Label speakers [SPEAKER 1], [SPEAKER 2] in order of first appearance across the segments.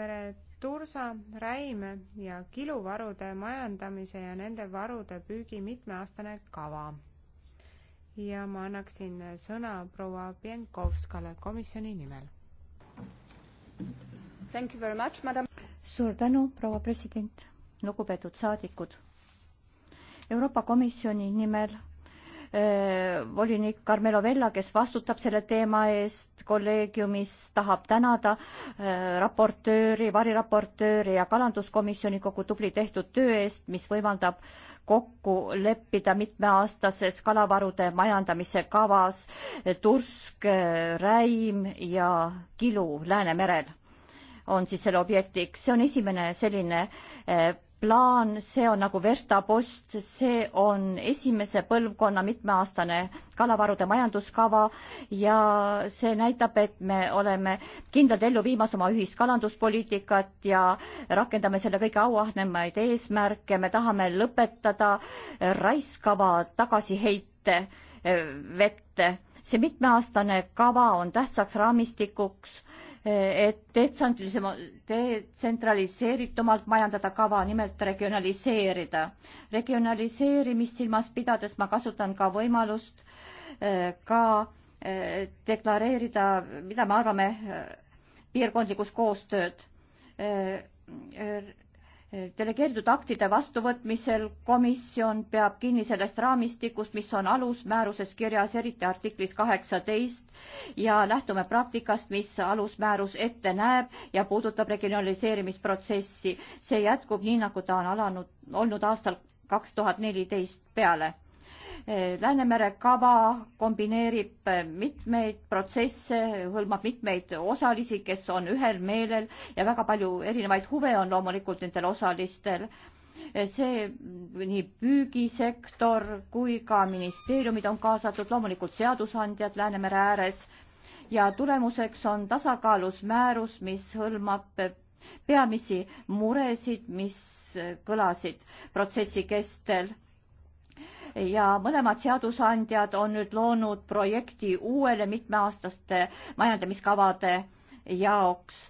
[SPEAKER 1] mere tursa, räime ja kiluvarude majandamise ja nende varude püügi mitmeaastane kava. ja ma annaksin sõna proua Pienkovskale komisjoni nimel.
[SPEAKER 2] suur tänu, proua president, lugupeetud saadikud. Euroopa Komisjoni nimel Äh, volinik Carmelo Vella, kes vastutab selle teema eest kolleegiumis, tahab tänada äh, raportööri, variraportööri ja kalanduskomisjoni kogu tubli tehtud töö eest, mis võimaldab kokku leppida mitmeaastases kalavarude majandamise kavas äh, tursk, räim ja kilu Läänemerel on siis selle objektiks. see on esimene selline plaan, see on nagu verstapost, see on esimese põlvkonna mitmeaastane kalavarude majanduskava ja see näitab, et me oleme kindlalt ellu viimas oma ühist kalanduspoliitikat ja rakendame selle kõige auahnemaid eesmärke, me tahame lõpetada raiskava tagasiheite eh, vette. see mitmeaastane kava on tähtsaks raamistikuks et detsentralisema-, detsentraliseeritumalt majandada kava, nimelt regionaliseerida. regionaliseerimist silmas pidades ma kasutan ka võimalust äh, ka äh, deklareerida, mida me arvame äh, piirkondlikust koostööd delegeeritud aktide vastuvõtmisel komisjon peab kinni sellest raamistikust, mis on alusmääruses kirjas, eriti artiklis kaheksateist ja lähtume praktikast, mis alusmäärus ette näeb ja puudutab regionaliseerimisprotsessi. see jätkub nii, nagu ta on alanud, olnud aastal kaks tuhat neliteist peale Eh, Läänemere kava kombineerib eh, mitmeid protsesse, hõlmab mitmeid osalisi, kes on ühel meelel ja väga palju erinevaid huve on loomulikult nendel osalistel. Eh, see nii püügisektor kui ka ministeeriumid on kaasatud, loomulikult seadusandjad Läänemere ääres ja tulemuseks on tasakaalus määrus, mis hõlmab peamisi muresid, mis kõlasid protsessi kestel ja mõlemad seadusandjad on nüüd loonud projekti uuele mitmeaastaste majandamiskavade jaoks,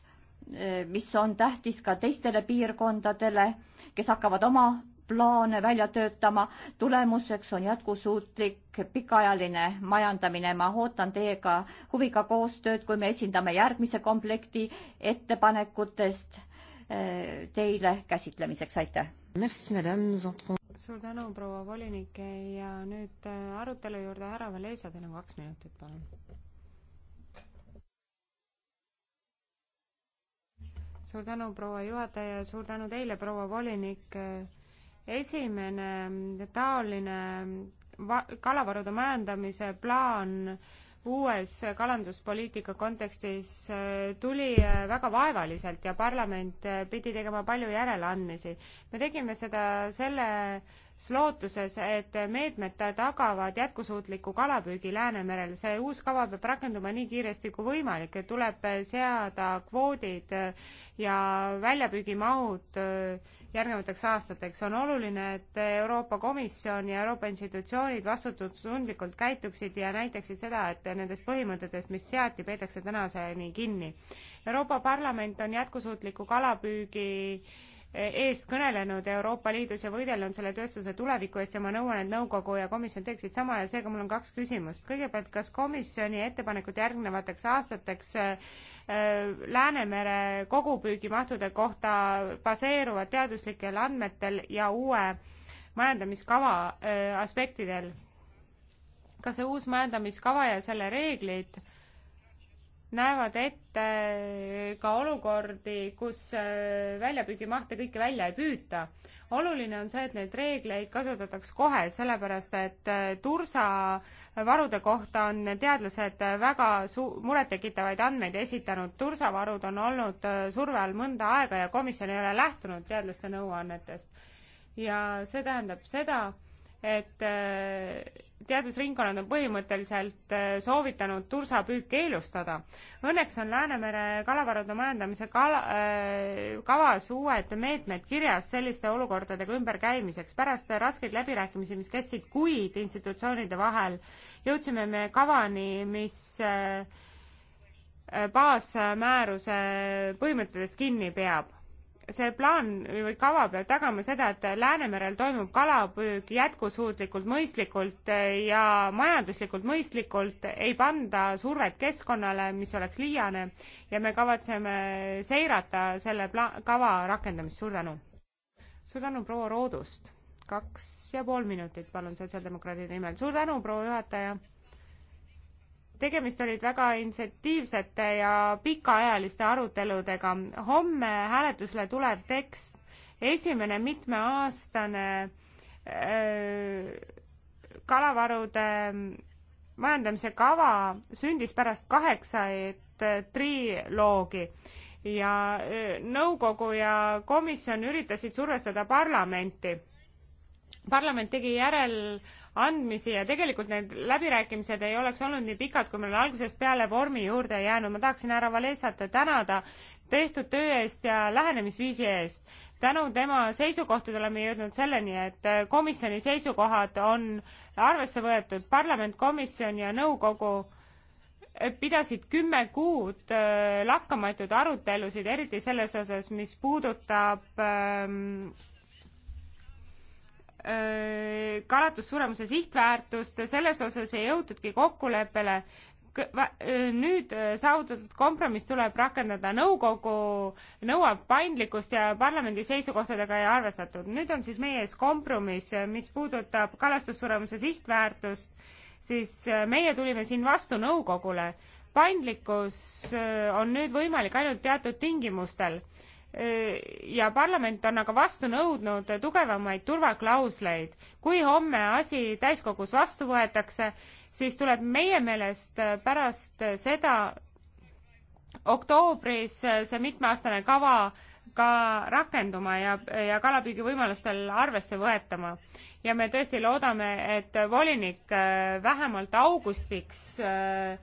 [SPEAKER 2] eh, mis on tähtis ka teistele piirkondadele, kes hakkavad oma plaane välja töötama. tulemuseks on jätkusuutlik pikaajaline majandamine. ma ootan teiega huviga koostööd, kui me esindame järgmise komplekti ettepanekutest eh, teile käsitlemiseks. aitäh!
[SPEAKER 1] suur tänu, proua volinik ja nüüd äh, arutelu juurde, härra Valesa, teil on kaks minutit, palun. suur tänu, proua juhataja ja suur tänu teile, proua volinik. esimene taoline kalavarude majandamise plaan äh, uues kalanduspoliitika kontekstis äh, tuli äh, väga vaevaliselt ja parlament äh, pidi tegema palju järeleandmisi. me tegime seda selle lootuses, et meetmed tagavad jätkusuutliku kalapüügi Läänemerel. see uus kava peab rakenduma nii kiiresti kui võimalik, tuleb seada kvoodid ja väljapüügimahud järgnevateks aastateks. on oluline, et Euroopa Komisjon ja Euroopa institutsioonid vastutustundlikult käituksid ja näitaksid seda, et nendest põhimõtetest, mis seati, peetakse tänaseni kinni. Euroopa Parlament on jätkusuutliku kalapüügi eest kõnelenud Euroopa Liidus ja võidelnud selle tööstuse tuleviku eest ja ma nõuan, et nõukogu ja komisjon teeksid sama ja seega mul on kaks küsimust. kõigepealt, kas komisjoni ettepanekud järgnevateks aastateks äh, Läänemere kogupüügimahtude kohta baseeruvad teaduslikel andmetel ja uue majandamiskava äh, aspektidel? kas see uus majandamiskava ja selle reeglid näevad ette ka olukordi, kus äh, väljapüügimahte kõike välja ei püüta. oluline on see, et neid reegleid kasutataks kohe, sellepärast et äh, tursavarude kohta on teadlased väga su-, murettekitavaid andmeid esitanud. tursavarud on olnud äh, surve all mõnda aega ja komisjon ei ole lähtunud teadlaste nõuannetest. ja see tähendab seda, et äh, teadusringkonnad on põhimõtteliselt äh, soovitanud tursapüük keelustada. Õnneks on Läänemere kalavarude majandamise kala, äh, kavas uued meetmed kirjas selliste olukordadega ümberkäimiseks. pärast raskeid läbirääkimisi, mis kestsid kuid institutsioonide vahel, jõudsime me kavani, mis baasmääruse põhimõtetest kinni peab see plaan või kava peab tagama seda, et Läänemerel toimub kalapüük jätkusuutlikult, mõistlikult eh, ja majanduslikult mõistlikult, ei panda survet keskkonnale, mis oleks liiane ja me kavatseme seirata selle pla-, kava rakendamist, suur tänu! suur tänu, proua Roodust! kaks ja pool minutit, palun, sotsiaaldemokraadide nimel, suur tänu, proua juhataja! tegemist olid väga initsiatiivsete ja pikaajaliste aruteludega. homme hääletusele tulev tekst, esimene mitmeaastane öö, kalavarude majandamise kava sündis pärast kaheksat triloogi ja nõukogu ja komisjon üritasid survestada parlamenti parlament tegi järeleandmisi ja tegelikult need läbirääkimised ei oleks olnud nii pikad, kui meil algusest peale vormi juurde ei jäänud. ma tahaksin härra Valesat tänada tehtud töö eest ja lähenemisviisi eest. tänu tema seisukohtadele me jõudnud selleni, et komisjoni seisukohad on arvesse võetud. parlament, komisjon ja nõukogu pidasid kümme kuud äh, lakkamatuid arutelusid, eriti selles osas, mis puudutab ähm, Äh, kalatussuremuse sihtväärtust, selles osas ei jõutudki kokkuleppele. Äh, nüüd äh, saavutatud kompromiss tuleb rakendada, nõukogu nõuab paindlikkust ja parlamendi seisukohtadega ei arvestatud. nüüd on siis meie ees kompromiss, mis puudutab kalastussuremuse sihtväärtust, siis meie tulime siin vastu nõukogule. paindlikkus on nüüd võimalik ainult teatud tingimustel Äh, ja parlament on aga vastu nõudnud tugevamaid turvaklausleid. kui homme asi täiskogus vastu võetakse, siis tuleb meie meelest pärast seda oktoobris see mitmeaastane kava ka rakenduma ja, ja kalapüügi võimalustel arvesse võetama. ja me tõesti loodame, et volinik äh, vähemalt augustiks äh,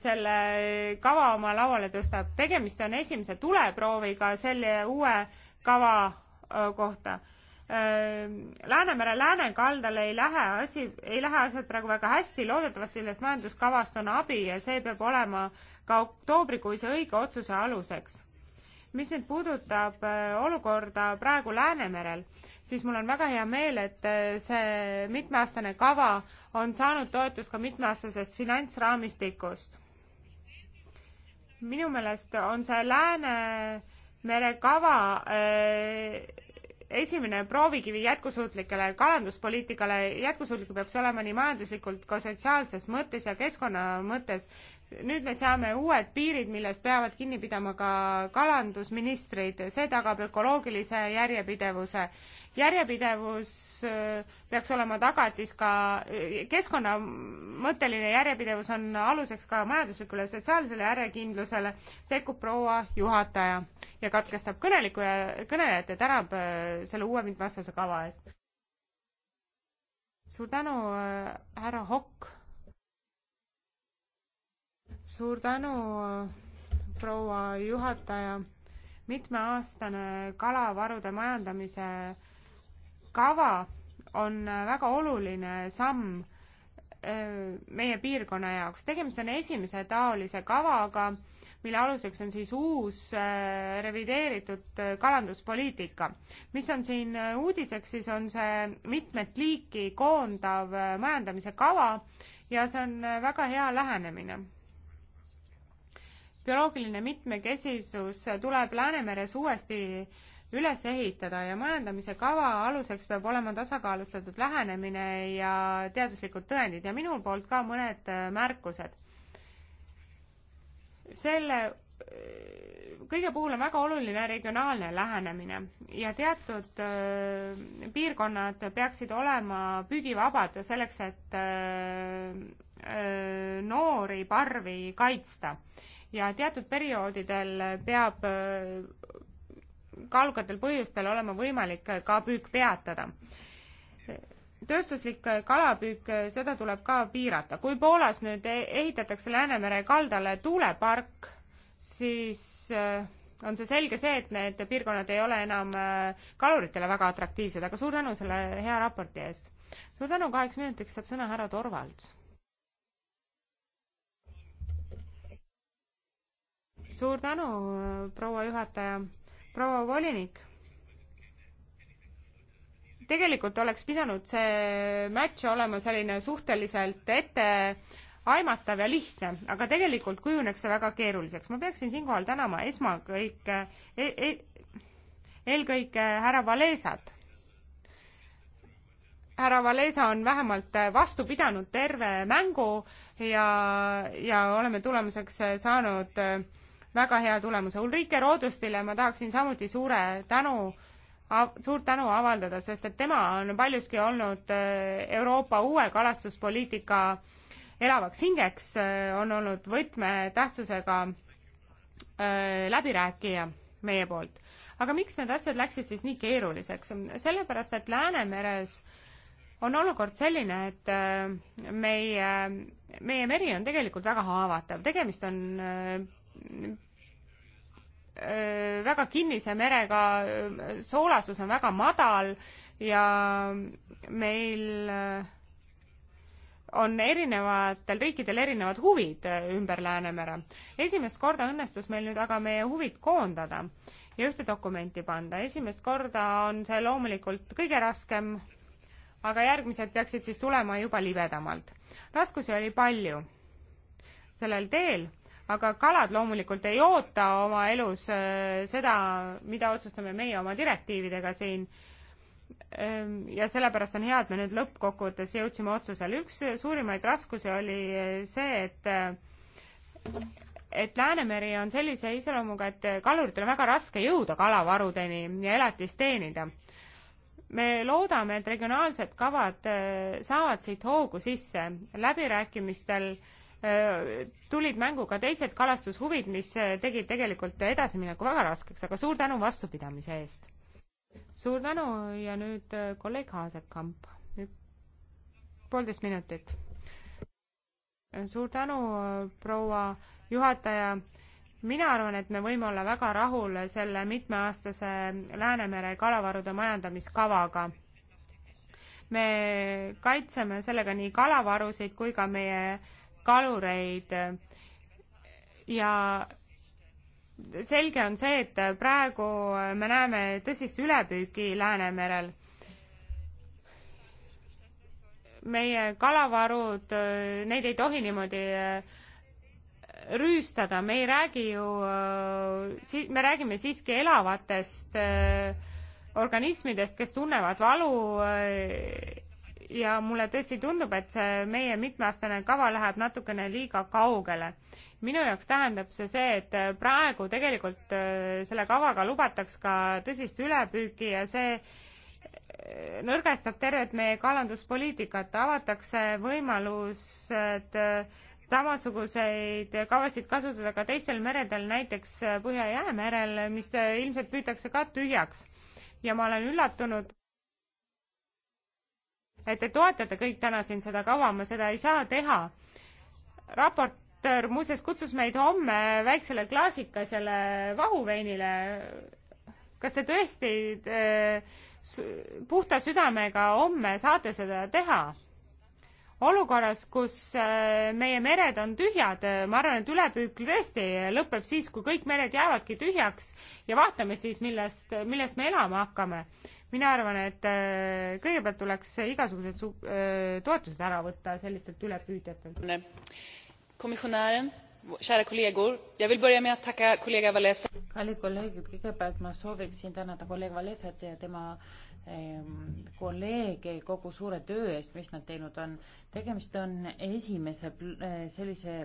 [SPEAKER 1] selle kava oma lauale tõstab. tegemist on esimese tuleprooviga selle uue kava kohta. Läänemere läänekaldal ei lähe asi, ei lähe asjad praegu väga hästi, loodetavasti sellest majanduskavast on abi ja see peab olema ka oktoobrikuise õige otsuse aluseks mis nüüd puudutab äh, olukorda praegu Läänemerel, siis mul on väga hea meel, et äh, see mitmeaastane kava on saanud toetust ka mitmeaastasest finantsraamistikust. minu meelest on see Läänemere kava äh, esimene proovikivi jätkusuutlikele kalanduspoliitikale, jätkusuutlik peab see olema nii majanduslikult kui sotsiaalses mõttes ja keskkonna mõttes nüüd me saame uued piirid, millest peavad kinni pidama ka kalandusministrid, see tagab ökoloogilise järjepidevuse. järjepidevus äh, peaks olema tagatis ka, äh, keskkonna mõtteline järjepidevus on aluseks ka majanduslikule ja sotsiaalsele järjekindlusele, sekkub proua juhataja ja katkestab kõneliku ja kõnelejat ja tänab äh, selle uue mitmeaastase kava eest. suur tänu, härra Hokk suur tänu, proua juhataja. mitmeaastane kalavarude majandamise kava on väga oluline samm äh, meie piirkonna jaoks. tegemist on esimese taolise kavaga, mille aluseks on siis uus äh, revideeritud äh, kalanduspoliitika. mis on siin uudiseks, siis on see mitmet liiki koondav majandamise kava ja see on väga hea lähenemine bioloogiline mitmekesisus tuleb Läänemeres uuesti üles ehitada ja majandamise kava aluseks peab olema tasakaalustatud lähenemine ja teaduslikud tõendid ja minu poolt ka mõned äh, märkused. selle äh, kõige puhul on väga oluline regionaalne lähenemine ja teatud äh, piirkonnad peaksid olema püügivabad selleks, et noori parvi kaitsta ja teatud perioodidel peab äh, kaalukatel põhjustel olema võimalik äh, ka püük peatada. tööstuslik äh, kalapüük, seda tuleb ka piirata. kui Poolas nüüd e-, ehitatakse Läänemere kaldale tuulepark, siis on see selge see, et need piirkonnad ei ole enam kaluritele väga atraktiivsed, aga suur tänu selle hea raporti eest. suur tänu, kaheks minutiks saab sõna härra Torvalds suur tänu, proua juhataja, proua volinik tegelikult oleks pidanud see match olema selline suhteliselt etteaimatav ja lihtne, aga tegelikult kujuneks see väga keeruliseks. ma peaksin siinkohal tänama esmakõike e, e, eelkõige härra Valesat. härra Valesa on vähemalt vastu pidanud terve mängu ja, ja oleme tulemuseks saanud äh, väga hea tulemuse. Ulrike Roodustile ma tahaksin samuti suure tänu suurt tänu avaldada, sest et tema on paljuski olnud äh, Euroopa uue kalastuspoliitika elavaks hingeks, äh, on olnud võtmetähtsusega äh, läbirääkija meie poolt. aga miks need asjad läksid siis nii keeruliseks? sellepärast, et Läänemeres on olukord selline, et meie, meie meri on tegelikult väga haavatav, tegemist on Äh, väga kinnise merega, äh, soolasus on väga madal ja meil äh, on erinevatel riikidel erinevad huvid ümber Läänemere. esimest korda õnnestus meil nüüd aga meie huvid koondada ja ühte dokumenti panda. esimest korda on see loomulikult kõige raskem, aga järgmised peaksid siis tulema juba libedamalt. raskusi oli palju sellel teel aga kalad loomulikult ei oota oma elus äh, seda, mida otsustame meie oma direktiividega siin. Ähm, ja sellepärast on hea, et me nüüd lõppkokkuvõttes jõudsime otsusele. üks äh, suurimaid raskusi oli äh, see, et et Läänemeri on sellise iseloomuga, et kaluritel on väga raske jõuda kalavarudeni ja elatist teenida. me loodame, et regionaalsed kavad saavad siit hoogu sisse. läbirääkimistel äh, tulid mängu ka teised kalastushuvid, mis äh, tegid tegelikult edasimineku väga raskeks, aga suur tänu vastupidamise eest. suur tänu ja nüüd äh, kolleeg Haasekamp, poolteist minutit. Äh, suur tänu, proua juhataja mina arvan, et me võime olla väga rahul selle mitmeaastase Läänemere kalavarude majandamiskavaga. me kaitseme sellega nii kalavarusid kui ka meie kalureid ja selge on see, et praegu me näeme tõsist ülepüüki Läänemerel. meie kalavarud, neid ei tohi niimoodi äh, rüüstada, me ei räägi ju, äh, me räägime siiski elavatest äh, organismidest, kes tunnevad valu ja mulle tõesti tundub, et see meie mitmeaastane kava läheb natukene liiga kaugele. minu jaoks tähendab see see, et praegu tegelikult äh, selle kavaga lubataks ka tõsist ülepüüki ja see äh, nõrgestab tervet meie kalanduspoliitikat, avatakse võimalused äh, samasuguseid kavasid kasutada ka teistel meredel, näiteks Põhja-Jäämerel, mis ilmselt püütakse ka tühjaks. ja ma olen üllatunud, et te toetate kõik täna siin seda kava, ma seda ei saa teha. raportöör muuseas kutsus meid homme väiksele klaasikesele vahuveinile. kas te tõesti äh, puhta südamega homme saate seda teha? olukorras, kus äh, meie mered on tühjad, äh, ma arvan, et ülepüük tõesti lõpeb siis, kui kõik mered jäävadki tühjaks ja vaatame siis, millest, millest me elama hakkame mina arvan, et äh, kõigepealt tuleks igasugused su-, äh, toetused ära võtta sellistelt ülepüüdjatelt. komisjonären,
[SPEAKER 3] kära kolleegor, ja veel börja meie taka kolleeg Valesa. kallid kolleegid, kõigepealt ma sooviksin tänada kolleeg Valesat ja tema ähm, kolleege kogu suure töö eest, mis nad teinud on. tegemist on esimese äh, sellise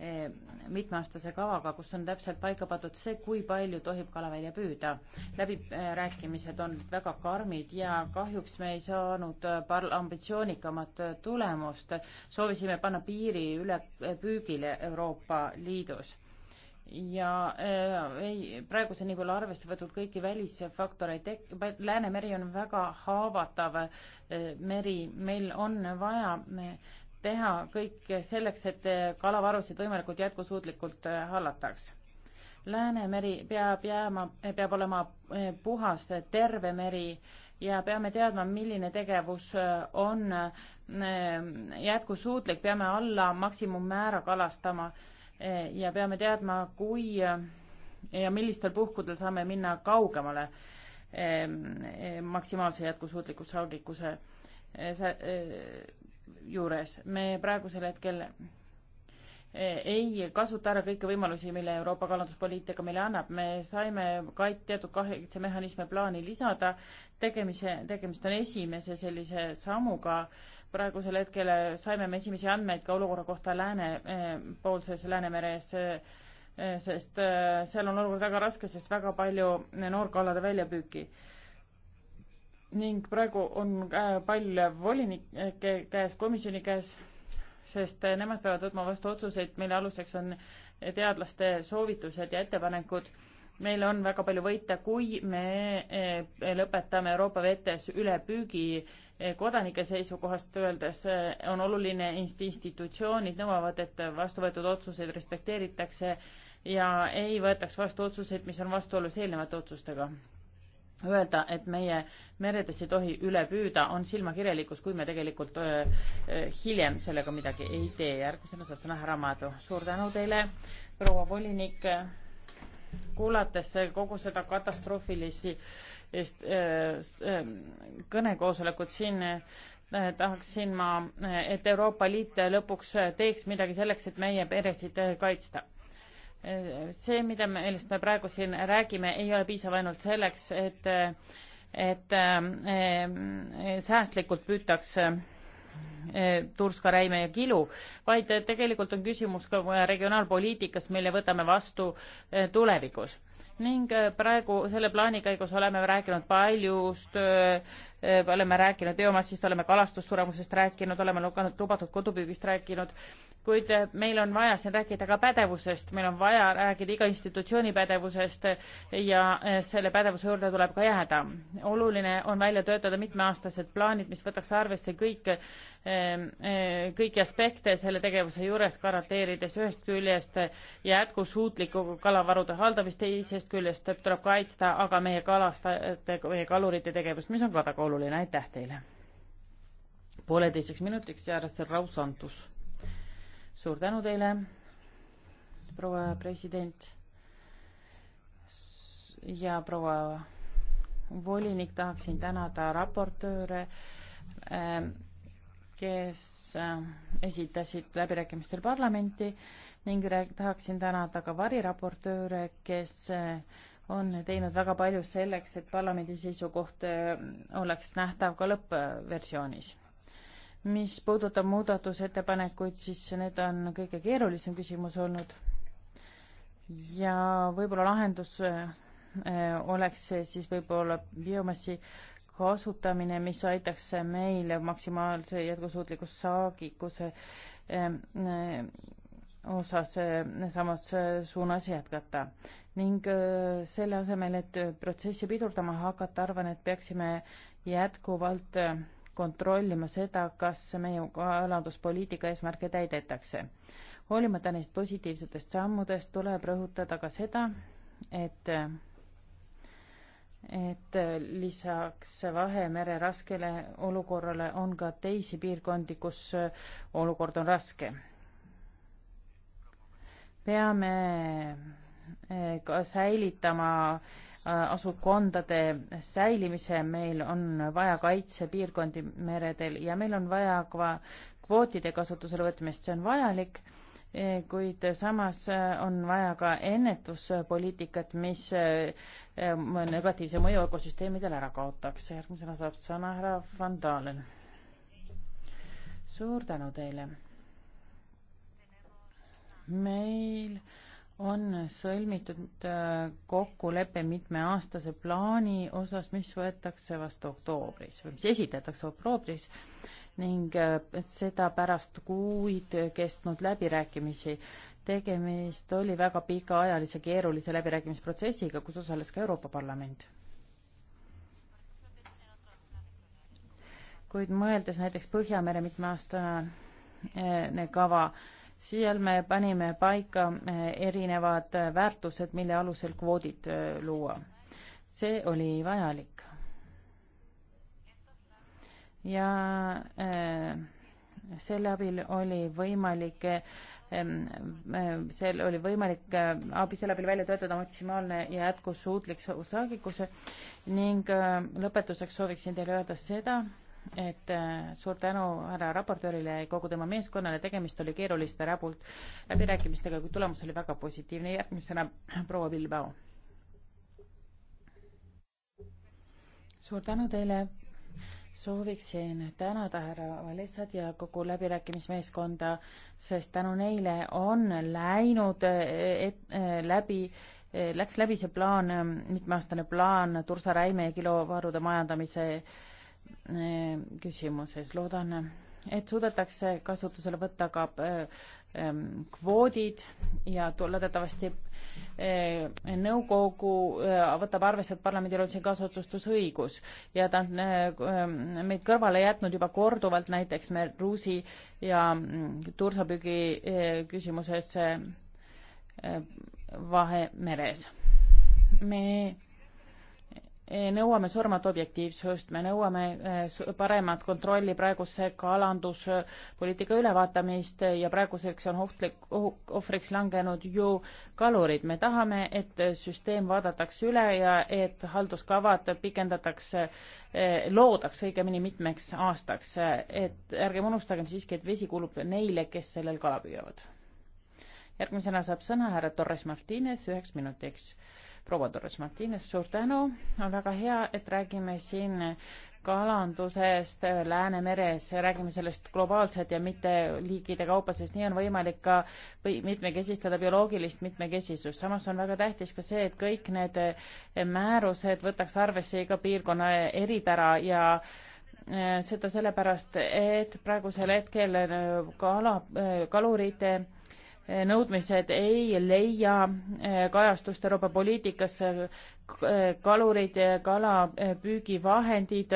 [SPEAKER 3] Eh, mitmeaastase kavaga, kus on täpselt paika pandud see, kui palju tohib kala välja püüda. läbirääkimised eh, on väga karmid ja kahjuks me ei saanud eh, par-, ambitsioonikamat tulemust. soovisime panna piiri üle püügile Euroopa Liidus ja äh, ei, praeguseni pole arvesse võetud kõiki välisfaktoreid, Läänemeri on väga haavatav äh, meri, meil on vaja äh, teha kõik selleks, et kalavarusid võimalikult jätkusuutlikult äh, hallataks. Läänemeri peab jääma, peab olema äh, puhas, terve meri ja peame teadma, milline tegevus äh, on jätkusuutlik, peame alla maksimummäära kalastama ja peame teadma, kui ja millistel puhkudel saame minna kaugemale maksimaalse jätkusuutliku saagikuse juures. me praegusel hetkel eh, ei kasuta ära kõiki võimalusi, mille Euroopa kalanduspoliitika meile annab. me saime ka teatud kaitsemehhanisme plaani lisada. tegemise, tegemist on esimese sellise sammuga. praegusel hetkel eh, saime me esimesi andmeid ka olukorra kohta läänepoolses eh, Läänemeres, sest seal on olukord väga raske, sest väga palju noorkalade väljapüüki ning praegu on äh, pall volinike käes, komisjoni käes, sest äh, nemad peavad võtma vastu otsuseid, mille aluseks on teadlaste soovitused ja ettepanekud. meil on väga palju võita, kui me äh, lõpetame Euroopa vetes ülepüügi kodanike seisukohast öeldes on oluline, institutsioonid nõuavad, et vastu võetud otsuseid respekteeritakse ja ei võetaks vastu otsuseid, mis on vastuolus eelnevate otsustega öelda, et meie meredes ei tohi üle püüda, on silmakirjalikkus, kui me tegelikult öö, öö, hiljem sellega midagi ei tee. järgmisena saab sõna härra Maadu. suur tänu teile, proua volinik. kuulates kogu seda katastroofilisi eest, öö, öö, kõnekoosolekut siin öö, tahaksin ma, et Euroopa Liit lõpuks teeks midagi selleks, et meie peresid kaitsta see, mida me, millest me praegu siin räägime, ei ole piisav ainult selleks, et, et äh, säästlikult püütakse äh, turska, räime ja kilu, vaid tegelikult on küsimus ka regionaalpoliitikast, mille võtame vastu äh, tulevikus ning praegu selle plaani käigus oleme rääkinud paljust Äh, oleme rääkinud biomassist, oleme kalastussuremusest rääkinud, oleme lugenud lubatud kodupüügist rääkinud, kuid äh, meil on vaja siin rääkida ka pädevusest, meil on vaja rääkida iga institutsiooni pädevusest ja äh, selle pädevuse juurde tuleb ka jääda. oluline on välja töötada mitmeaastased plaanid, mis võtaks arvesse kõik, kõiki aspekte selle tegevuse juures, garanteerides ühest küljest jätkusuutlikku kalavarude haldamist, teisest küljest tuleb kaitsta aga meie kalastajate, meie kalurite tegevust, mis on ka väga oluline oluline, aitäh teile. pooleteiseks minutiks järjest Raul Santus. suur tänu teile, proua president ja proua volinik, tahaksin tänada raportööre, ähm, kes ähm, esitasid läbirääkimistel parlamenti ning tahaksin tänada ka variraportööre, kes äh, on teinud väga palju selleks, et parlamendi seisukoht äh, oleks nähtav ka lõppversioonis. mis puudutab muudatusettepanekuid, siis need on kõige keerulisem küsimus olnud ja võib-olla lahendus äh, oleks siis võib-olla biomassi kasutamine, mis aitaks meile maksimaalse jätkusuutliku saagikuse äh, osas eh, samas eh, suunas jätkata. ning eh, selle asemel, et protsessi pidurdama hakata, arvan, et peaksime jätkuvalt kontrollima seda, kas meie kalanduspoliitika eesmärke täidetakse. hoolimata neist positiivsetest sammudest tuleb rõhutada ka seda, et et lisaks Vahemere raskele olukorrale on ka teisi piirkondi, kus olukord on raske peame eh, ka säilitama eh, asukondade säilimise, meil on vaja kaitsepiirkondi meredel ja meil on vaja ka kvootide kasutusele võtmist, see on vajalik, eh, kuid samas on vaja ka ennetuspoliitikat, mis negatiivse mõju ökosüsteemidel ära kaotaks. järgmisena saab sõna härra Van Dalen. suur tänu teile meil on sõlmitud äh, kokkulepe mitmeaastase plaani osas, mis võetakse vastu oktoobris või mis esitatakse oktoobris ning äh, seda pärast kuid kestnud läbirääkimisi. tegemist oli väga pikaajalise keerulise läbirääkimisprotsessiga, kus osales ka Euroopa Parlament. kuid mõeldes näiteks Põhjamere mitmeaastane äh, kava, seal me panime paika eh, erinevad eh, väärtused, mille alusel kvoodid eh, luua. see oli vajalik. ja selle abil oli võimalik seal oli võimalik abi selle abil välja töötada maksimaalne ja jätkusuutlik saagikuse ning lõpetuseks sooviksin teile öelda seda, et äh, suur tänu härra raportöörile ja kogu tema meeskonnale, tegemist oli keeruliste rapult läbirääkimistega, kuid tulemus oli väga positiivne. järgmisena proua Bilbao. suur tänu teile. sooviksin tänada härra Valesat ja kogu läbirääkimismeeskonda, sest tänu neile on läinud äh, et, et, äh, läbi Läks läbi see plaan, mitmeaastane plaan tursaräime ja kilovarude majandamise äh, Äh, küsimuses. loodan, et suudetakse kasutusele võtta ka äh, ähm, kvoodid ja loodetavasti äh, nõukogu võtab arvesse, et parlamendil on siin kaasotsustusõigus ja ta on ähm, meid kõrvale jätnud juba korduvalt, näiteks me Ruusi ja mm, tursapüügi küsimuses Vahemeres. me Eh, nõuame suuremat objektiivsust, me nõuame eh, paremat kontrolli praeguse kalanduspoliitika ülevaatamist ja praeguseks on ohtlik, ohvriks langenud ju kalurid. me tahame, et süsteem vaadatakse üle ja et halduskavad pikendatakse, eh, loodaks õigemini mitmeks aastaks, et ärgem unustagem siiski, et vesi kulub neile, kes sellel kala püüavad. järgmisena saab sõna härra Torres Martines üheks minutiks proua Doris Martines, suur tänu, on väga hea, et räägime siin kalandusest Läänemeres, räägime sellest globaalselt ja mitte liikide kaupa, sest nii on võimalik ka või mitmekesistada bioloogilist mitmekesisust. samas on väga tähtis ka see, et kõik need määrused võtaks arvesse iga piirkonna eripära ja eh, seda sellepärast, et praegusel hetkel eh, kala, eh, kalurite nõudmised ei leia eh, kajastust Euroopa poliitikas, eh, kalurid, eh, kalapüügivahendid,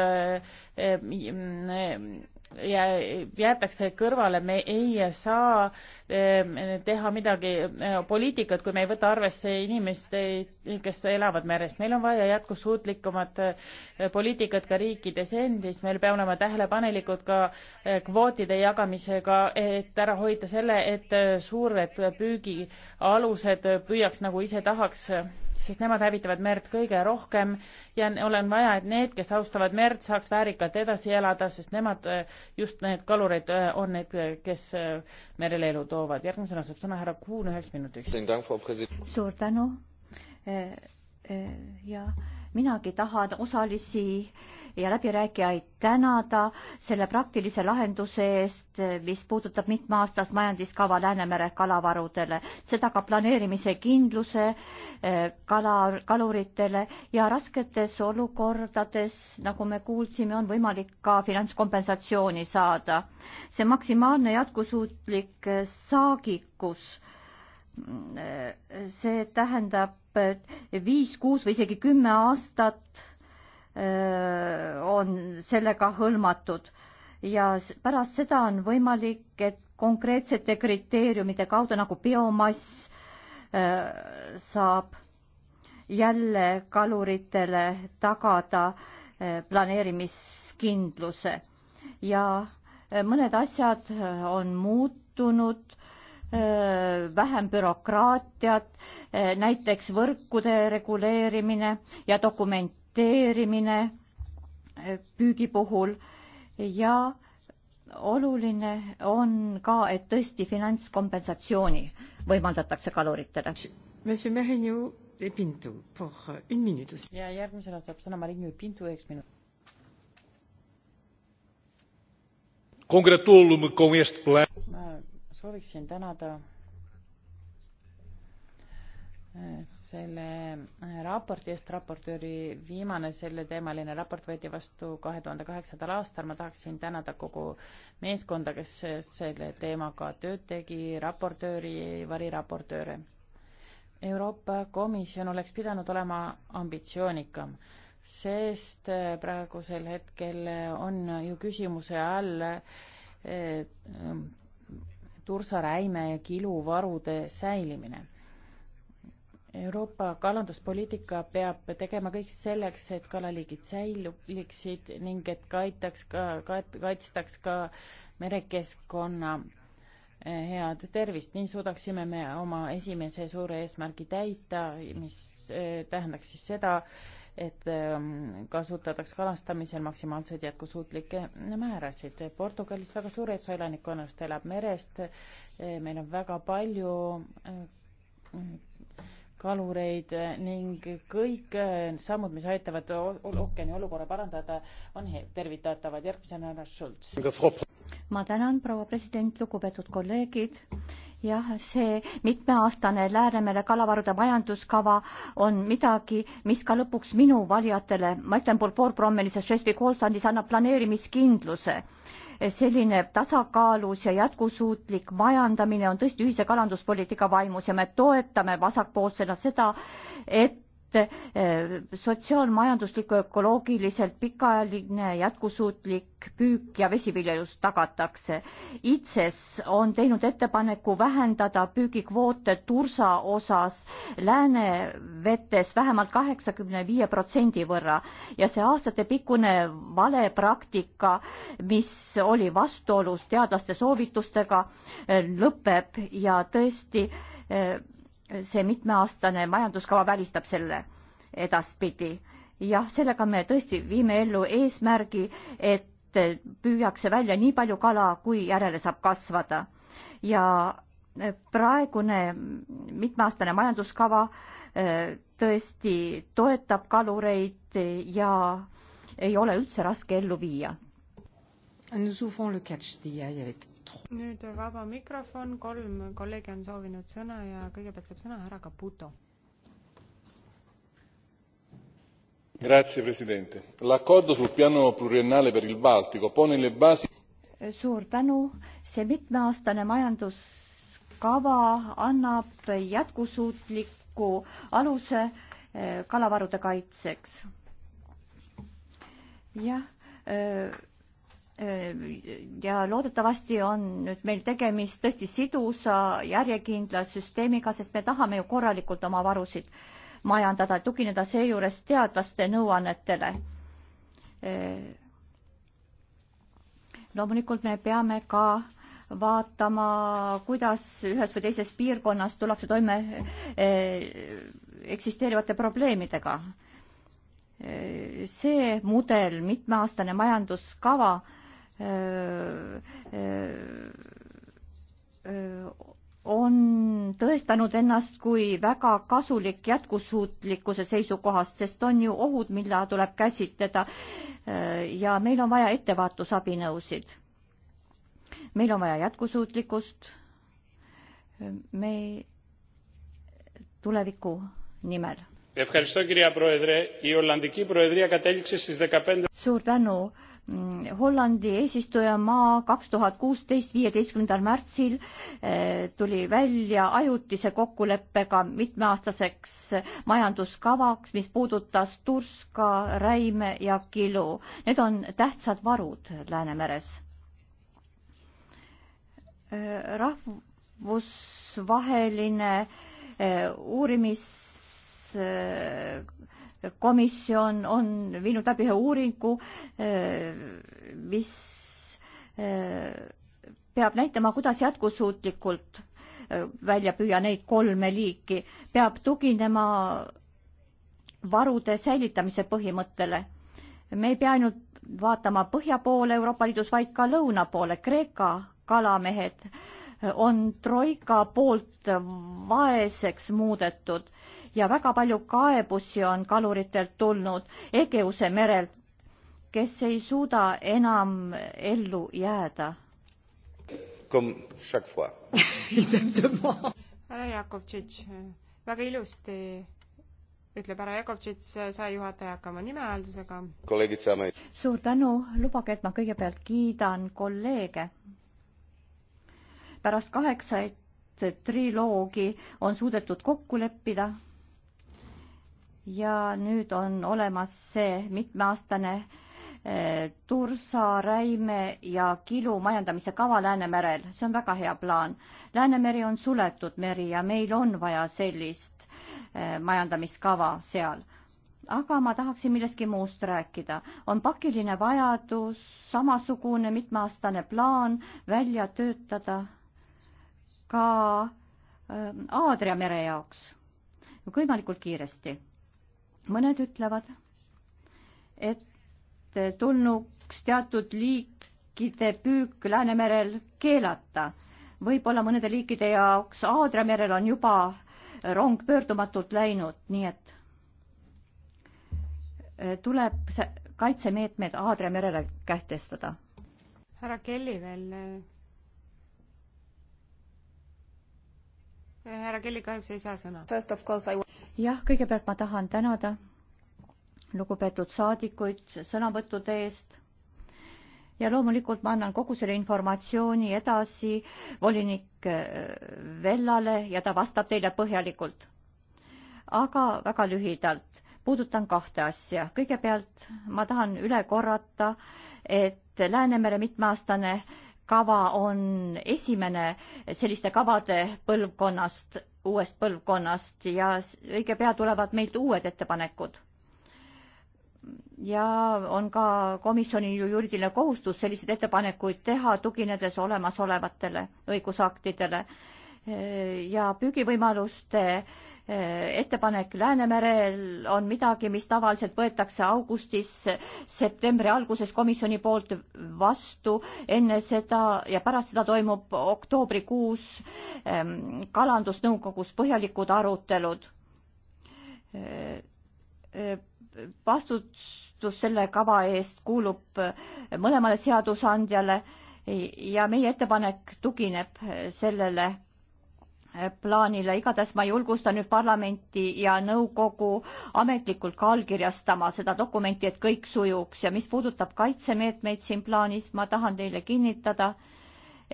[SPEAKER 3] jäetakse kõrvale, me ei saa ehm, teha midagi ehm, poliitikat, kui me ei võta arvesse inimeste, kes elavad merest. meil on vaja jätkusuutlikumat ehm, poliitikat ka riikides endis, meil peab olema tähelepanelikud ka kvootide jagamisega, et ära hoida selle, et suured püügialused püüaks nagu ise tahaks sest nemad hävitavad merd kõige rohkem ja olen vaja, et need, kes austavad merd, saaks väärikalt edasi elada, sest nemad, äh, just need kalurid äh, on need, kes äh, merele elu toovad. järgmisena saab sõna härra Kuhn üheks
[SPEAKER 2] minutiks. suur tänu. ja minagi tahan osalisi ja läbirääkijaid tänada selle praktilise lahenduse eest, mis puudutab mitmeaastast majandiskava Läänemere kalavarudele. see tagab planeerimise kindluse eh, kala, kaluritele ja rasketes olukordades, nagu me kuulsime, on võimalik ka finantskompensatsiooni saada. see maksimaalne jätkusuutlik eh, saagikus mm, eh, see tähendab viis, kuus või isegi kümme aastat on sellega hõlmatud ja pärast seda on võimalik, et konkreetsete kriteeriumide kaudu nagu biomass saab jälle kaluritele tagada planeerimiskindluse ja mõned asjad on muutunud, vähem bürokraatiat, näiteks võrkude reguleerimine ja dokument sorteerimine äh, püügi puhul ja oluline on ka, et tõesti finantskompensatsiooni võimaldatakse kaluritele. ja järgmisena
[SPEAKER 3] saab sõna Marinho Pinto üheks minutiks.
[SPEAKER 2] congratulo-me com este plano.
[SPEAKER 3] ma sooviksin tänada selle äh, raporti eest, raportööri viimane selleteemaline raport võeti vastu kahe tuhande kaheksandal aastal, ma tahaksin tänada kogu meeskonda, kes selle teemaga tööd tegi, raportööri, variraportööre. Euroopa Komisjon oleks pidanud olema ambitsioonikam, sest äh, praegusel hetkel on ju küsimuse all äh, tursaräime ja kiluvarude säilimine Euroopa kalanduspoliitika peab tegema kõik selleks, et kalaliigid säiliksid ning et kaitaks ka, kaitstaks ka merekeskkonna eh, head tervist. nii suudaksime me oma esimese suure eesmärgi täita, mis eh, tähendaks siis seda, et ehm, kasutataks kalastamisel maksimaalselt jätkusuutlikke määrasid. Portugalis väga suur osa elanikkonnast elab merest, eh, meil on väga palju kalureid eh, ning kõik eh, sammud, mis aitavad ookeani olukorra parandada, on tervitatavad. järgmisena härra
[SPEAKER 1] Schultz
[SPEAKER 2] ma tänan, proua president, lugupeetud kolleegid. jah, see mitmeaastane Läänemere kalavarude majanduskava on midagi, mis ka lõpuks minu valijatele, ma ütlen, Burfoor-Brommelises Schleswig-Holsteinis annab planeerimiskindluse selline tasakaalus ja jätkusuutlik majandamine on tõesti ühise kalanduspoliitika vaimus ja me toetame vasakpoolsena seda, et et eh, sotsiaalmajanduslikku, ökoloogiliselt pikaajaline jätkusuutlik püük ja vesiviljelus tagatakse. ITSES on teinud ettepaneku vähendada püügikvoote tursa osas läänevetes vähemalt kaheksakümne viie protsendi võrra ja see aastatepikkune vale praktika, mis oli vastuolus teadlaste soovitustega, lõpeb ja tõesti eh, see mitmeaastane majanduskava välistab selle edaspidi. jah, sellega me tõesti viime ellu eesmärgi, et püüakse välja nii palju kala, kui järele saab kasvada. ja praegune mitmeaastane majanduskava äh, tõesti toetab kalureid ja ei ole üldse raske ellu viia. Nous ouvrons le catch d'IA avec
[SPEAKER 1] nüüd vaba mikrofon, kolm kolleegi on soovinud sõna ja kõigepealt saab sõna härra Caputo.
[SPEAKER 3] Grazie Presidente. L'accordo sul piano pluriennale per il Baltico pone le basi
[SPEAKER 2] suur tänu, see mitmeaastane majanduskava annab jätkusuutliku aluse eh, kalavarude kaitseks. jah eh, ja loodetavasti on nüüd meil tegemist tõesti sidusa järjekindla süsteemiga, sest me tahame ju korralikult oma varusid majandada, tugineda seejuures teadlaste nõuannetele. loomulikult me peame ka vaatama, kuidas ühes või teises piirkonnas tullakse toime eksisteerivate probleemidega. see mudel, mitmeaastane majanduskava on tõestanud ennast kui väga kasulik jätkusuutlikkuse seisukohast, sest on ju ohud, mida tuleb käsitleda ja meil on vaja ettevaatusabinõusid. meil on vaja jätkusuutlikkust, me tuleviku nimel. suur tänu Mm, Hollandi eesistujamaa kaks tuhat kuusteist, viieteistkümnendal märtsil eh, tuli välja ajutise kokkuleppega mitmeaastaseks majanduskavaks, mis puudutas turska, räime ja kilu. Need on tähtsad varud Läänemeres. Eh, rahvusvaheline eh, uurimis komisjon on viinud läbi ühe uuringu, eh, mis eh, peab näitama, kuidas jätkusuutlikult eh, välja püüa neid kolme liiki, peab tuginema varude säilitamise põhimõttele. me ei pea ainult vaatama põhja poole Euroopa Liidus, vaid ka lõuna poole. Kreeka kalamehed on troika poolt vaeseks muudetud ja väga palju kaebusi on kaluritelt tulnud Egeuse merelt, kes ei suuda enam ellu jääda.
[SPEAKER 1] härra Jakovtšitš, väga ilusti ütleb härra Jakovtšits, sai juhataja hakkama
[SPEAKER 2] nimeavaldusega. kolleegid saame. suur tänu, lubage, et ma kõigepealt kiidan kolleege. pärast kaheksat triloogi on suudetud kokku leppida ja nüüd on olemas see mitmeaastane eh, tursa, räime ja kilu majandamise kava Läänemerel, see on väga hea plaan. Läänemeri on suletud meri ja meil on vaja sellist eh, majandamiskava seal aga ma tahaksin millestki muust rääkida. on pakiline vajadus samasugune mitmeaastane plaan välja töötada ka eh, Aadria mere jaoks võimalikult kiiresti mõned ütlevad, et tulnuks teatud liikide püük Läänemerel keelata. võib-olla mõnede liikide jaoks Aadria merel on juba rong pöördumatult läinud, nii et e, tuleb kaitsemeetmed Aadria merele kähtestada. härra Kelly veel. E, e, härra Kelly kahjuks ei saa sõna jah, kõigepealt ma tahan tänada lugupeetud saadikuid sõnavõttude eest ja loomulikult ma annan kogu selle informatsiooni edasi volinik äh, Vellale ja ta vastab teile põhjalikult. aga väga lühidalt puudutan kahte asja. kõigepealt ma tahan üle korrata, et Läänemere mitmeaastane kava on esimene selliste kavade põlvkonnast, uuest põlvkonnast ja õige pea tulevad meilt uued ettepanekud. ja on ka komisjonil ju juriidiline kohustus selliseid ettepanekuid teha, tuginedes olemasolevatele õigusaktidele ja püügivõimaluste Äh, ettepanek Läänemerel on midagi, mis tavaliselt võetakse augustis, septembri alguses komisjoni poolt vastu, enne seda ja pärast seda toimub oktoobrikuus ähm, kalandusnõukogus põhjalikud arutelud. Äh, äh, vastutus selle kava eest kuulub mõlemale seadusandjale ja meie ettepanek tugineb sellele plaanile, igatahes ma julgustan nüüd parlamenti ja nõukogu ametlikult ka allkirjastama seda dokumenti, et kõik sujuks ja mis puudutab kaitsemeetmeid siin plaanis, ma tahan teile kinnitada,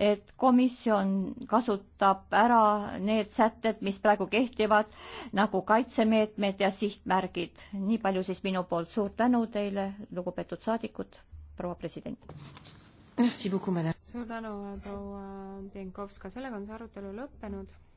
[SPEAKER 2] et komisjon kasutab ära need sätted, mis praegu kehtivad nagu kaitsemeetmed ja sihtmärgid. nii palju siis minu poolt, suur tänu teile, lugupeetud saadikud, proua president.
[SPEAKER 1] suur tänu, proua Pienkovska, sellega on see arutelu lõppenud